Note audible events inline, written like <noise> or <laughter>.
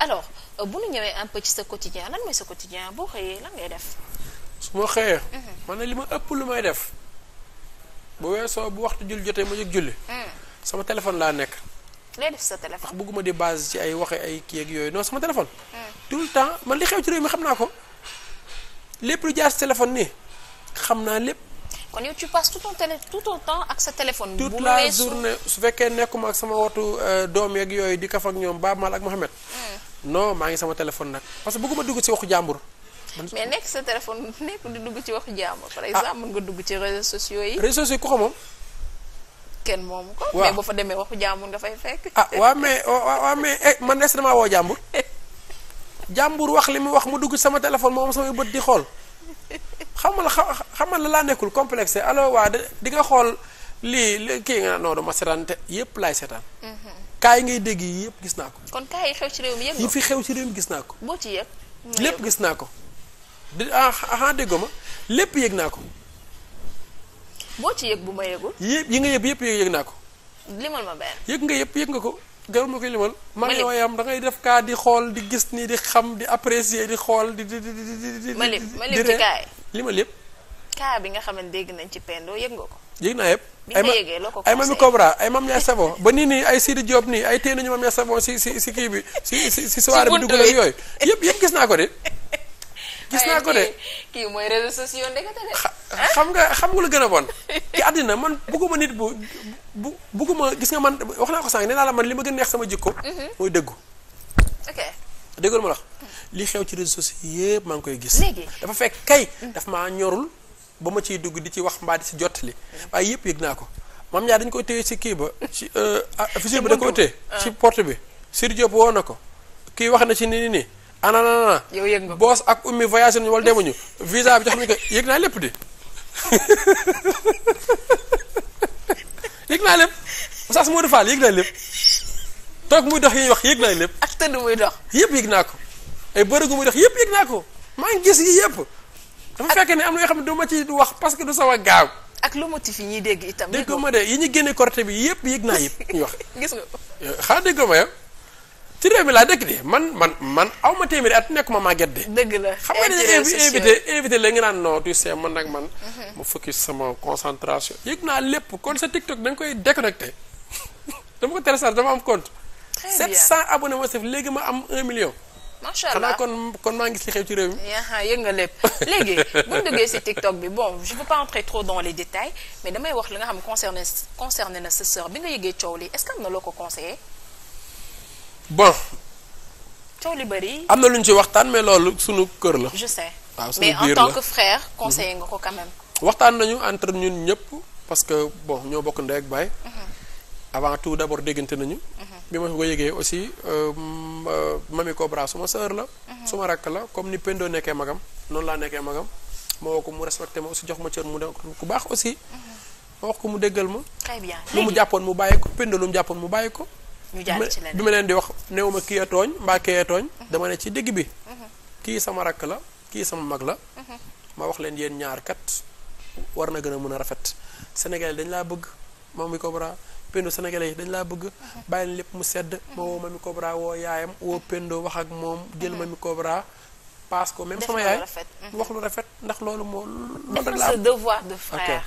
alors euh, bu ñu ñëwee un peu ci sa quotidien lan mooy sa quotidien boo xëyee lan ngay def. su ma xëyee. Mhm. man na li ma ëpp lu may def bu weesoo bu waxtu julli jotee ma julli. Mhm. sama téléphone laa nekk. lay sa téléphone bëgguma di base ci ay waxe ay kii ak yooyu non sama téléphone. Mhm. tout le temps man li xew ci réew mi xam naa ko lépp lu jaar sa téléphone nii xam naa lépp. kon yow tu passes tout ton télé tout ak sa téléphone. bu toute la journée su fekkee nekkuma ak sama wotu euh, doom yooyu di kaf ak ñoom Baaba ak Mohamed. non maa ngi sama téléphone nag parce que bëgguma dugg ci waxu jàmbur. mais nekk sa téléphone nekk di dugg ci waxu jàmbur. par ah. exemple mën nga dugg ci réseaux sociaux yi. réseaux sociaux yi ku ko moom. kenn moomu ko. waaw boo fa demee waxu jàmbur nga fay fekk. ah waaw eh, damaa woo jàmbur. <laughs> jàmbur wax li mu wax mu dugg sama téléphone moom samay bët di xool xamal xamal la laa nekkul complexe alors waa di nga xool lii kii nga seetaan te yépp laay seetaan. Mm. kaa yi ngay dégg yi yëpp gis naa ko. kon kaa yi xew ci réew mi yëpp. yi fi xew ci réew mi gis naa ko. boo ci yëg. lépp gis naa ko. di ah ah ma lépp yëg naa ko. boo ci yëg bu ma yëgul. yëpp yi nga yëg yëpp yëg naa ko. limal ma benn. yëg nga yëpp yëg nga ko. garab ma koy limal. ma lim man da ngay def kaa di xool di gis ni di xam di apprécier di xool di di di di di. ma lim ma lim kaa limal yëpp. kaa bi nga xam dégg nañ ci Pendo yëg nga ko. yëg naa yëpp ay mami Cobra ay mam ñaay savon ba nii nii ay Sidi Diop nii ay tée nañu mam ñaay savon si si si kii bi si si si soirée bi dugg ak yooyu yëpp yëpp gis naa ko de gis naa ko de kii mooy réseaux sociaux ah? xam nga xam nga lu gën a bon ci àddina man bugguma nit bu bu bugguma gis nga man wax naa ko sànq nee naa la man li ma gën neex sama jikko mhm. mooy dëggu ok dëggul ma wax li xew ci réseaux sociaux yëpp maa ngi koy gis dafa fekk kay daf maa ñorul ba ma ciy dugg di ci wax mbaa di jot li waaye yëpp yëg naa ko mam ñaar dañ ko téye ci kii ba ci euh, ah, officier bi da ko téye si porte bi Sir Diop woo na ko kii wax na si ni ni nii ananana yow yëg nga boos ak ummi voyage nañu wala demuñu visa bi jox nañu ko yëg naa lépp di <laughs> yëg naa lépp Oustaz Modou Fall yëg naa lépp toog muy dox yi ñuy wax yëg naa lépp ak tëdd muy dox yëpp yëg naa ko ay bërëgu muy dox yëpp yëg naa ko maa ngi gis yi yëpp dafa fekk ne am na yoo xam ne du ma ci wax parce que du sama gaaw. ak lu motif yi dégg itam. déggoo ma de yi ñu génne korte bi yëpp yëg naa yëpp ñu wax. <laughs> gis nga ko euh, ma yow ci réew mi laa dëkk de man man man aw ma téeméeri at nekkuma màgget de. dëgg la xam nga ne invité invité la nga naan non tu sais man nag man. Mhm. ma focus sama concentration. yëg naa lépp kon sa TikTok da koy déconnecté <laughs> dama ko télécharge dama am compte. très abone 700 abonnés ma léegi ma am 1 million. macha allah xanaa kon kon maa ngi si xew ci réew mi. yëg nga lépp léegi bu ñu duggee si TikTok bi bon je ne pas entrer trop dans les détails mais damay wax li nga xam concerné concerné na sa sœur bi nga yëgee coow li est que am na loo ko conseillé. bon. coow li bëri. am na lu ñu ci waxtaan mais loolu sunu kër la. je sais waaw sunu biir la mais en tant que frère mhm. conseillé nga ko quand waxtaan nañu entre ñun ñëpp parce que bon ñoo bokk ndey ak baay. Mhm. avant tout d'abord déggante nañu. Mhm. bi ma ko yëgee aussi euh, mami Cobra suma sœur la. Mhm. ma rakk la comme ni pendoo nekkee magam noonu laa nekkee magam ma woo ko mu respecté ma aussi jox ma cër mu dem ku baax aussi. Mhm. ma wax ko mu dëggal ma. très bien lu mu jàppoon mu bàyyi ko Pendo lu mu jàppoon mu bàyyi ko. ñu jàll ci bi ma leen di wax new ma kii a tooñ mbaa kii a tooñ. Mhm. dama ne ci digg bi. kii sama rakk la kii sama mag la. ma wax leen yéen ñaar kat war na gën a mën a rafet Sénégal dañ laa bëgg mami Cobra. Pendo sénégalais yi dañ laa bëgg bàyyi lépp mu sedd ma woo Mamy Cobra woo yaayam woo Pendo wax ak moom jël Mamy Cobra parce que même sama yaay wax lu rafet ndax loolu moo loolu rek la am devoir de frère